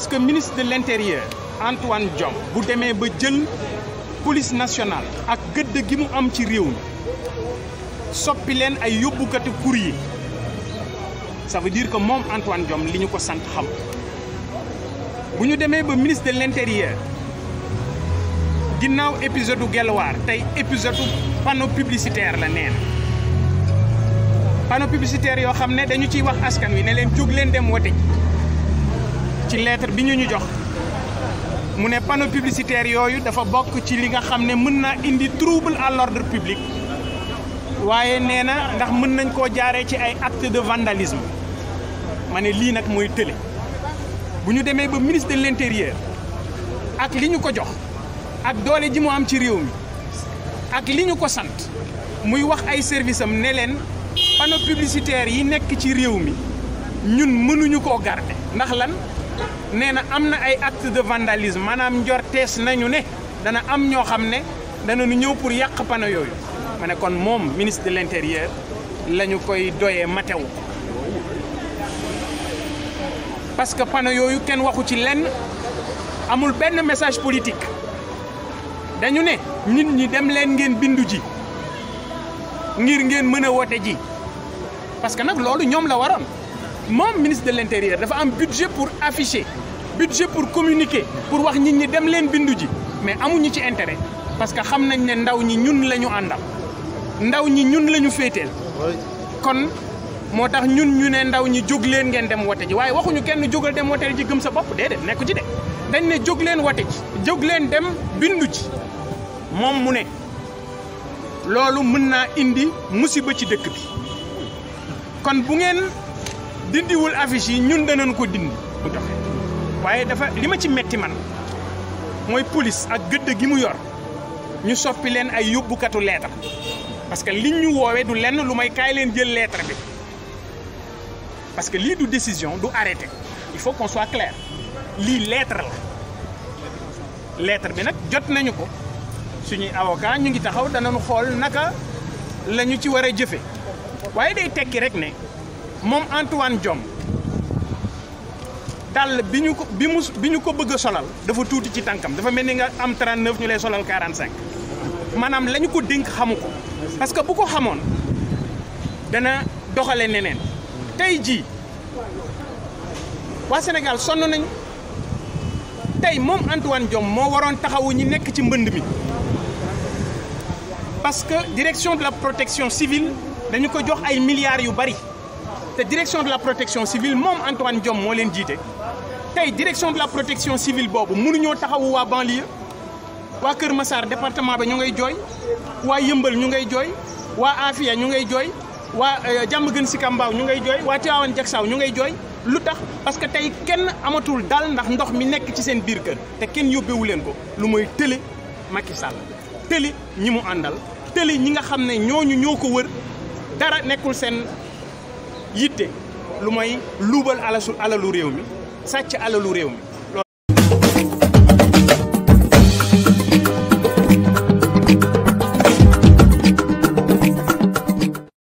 parce que ministre de l'intérieur Antoine Diome bu demee ba jël police nationale ak gëdd gi mu am ci réew mi soppi leen ay yóbbukati kur yi ça veut ko que moom Antoine Diome li ñu ko sant xam bu ñu demee ba ministre de l'intérieur ginnaaw épisode Guelwaar tey épisode panneau publicitaire la nee na panneau yoo xam ne dañu ciy wax askan wi ne leen jóg leen dem wote ci lettre bi ñu ñu jox mu ne panneau publicitaire yooyu dafa bokk ci li nga xam ne mën naa indi trouble à l'ordre public waaye nee na ndax mën nañ koo jaaree ci ay acte de vandalisme ma ne lii nag mooy tële bu ñu demee ba ministre de l'intérieur ak li ñu ko jox ak doole ji mu am ci réew mi ak li ñu ko sant muy wax ay service am ne leen panneau publicitaire yi nekk ci réew mi ñun mënuñu koo garder ndax lan nee na am na ay acte de vandalise manaam njortees nañu ne dana am ñoo xam ne dana nu ñëw pour yàq panneau yooyu ma ne kon moom ministre de l'intérieur la ñu koy doyee matew parce que panneau yooyu kenn waxu ci lenn amul benn message politique dañu ne nit ñi dem leen ngeen bindu ji ngir ngeen mën a woote ji parce que nag loolu ñoom la waroon moom ministre de l'intérieur dafa am budget pour afficher budget pour communiquer pour wax nit ñi dem leen bindu ji mais amuñu ci intérêt parce que xam nañ ne ndaw ñi ñun la ñu àndal ndaw ñi ñun la ñu féeteel kon moo tax ñun ñu ne ndaw ñi jóg leen ngeen dem wote ji waaye waxuñu kenn jógal dem wote ji gëm sa bopp déedéet nekku ci de dañ ne jóg leen wote jóg leen dem bindu ji moom mu ne loolu mën naa indi musiba ci dëkk bi kon bu ngeen dindiwul affiche yi ñun danañ ko dindi bu doxee waaye dafa li ma ci metti man mooy police ak gëdd gi mu yor ñu soppi leen ay yóbbukatu lettre parce que liñ ñu woowee du lenn lu may kaay leen jël lettre parce que lii du décision du arrêté il faut qu'on soit lii lettre la lettre bi nag jot nañu ko suñuy avocat ñu ngi taxaw danañu xool naka la ñu ci war a jëfe waaye day tekki rek ne moom Antoine Diome dàll bi ñu ko bi mu bi ñu ko bëgg a solal dafa tuuti ci tànkam dafa mel ni nga am 39 ñu lay solal 45 maanaam la ko dénk xamu ko parce que bu ko xamoon dana doxale neneen tey jii waa Sénégal sonn nañu tey moom Antoine Diome moo waroon taxawu ñi nekk ci mbënd mi parce que direction de la protection civile dañu ko jox ay milliards yu bari te direction de la protection civile moom Antoine Diome moo leen jiite tey direction de la protection civile boobu mënuñoo taxawu waa banlieue waa Kër Massar département ba ñu ngay jooy waa Yëmbal ñu ngay jooy waa Afia ñu ngay jooy waa Diamaguène euh, Sicap Mbao ñu ngay jooy waa Tivaouane Diacksao ñu ngay jooy lu tax parce que tey kenn amatul daal ndax ndox mi nekk ci seen biir kër te kenn yóbbewu leen ko lu mooy tële Macky Sall tële ñi mu àndal tële ñi nga xam ne ñooñu ñoo ko wër dara seen yitte lu may luubal alasu alalu réew mi sàcc alalu réew mi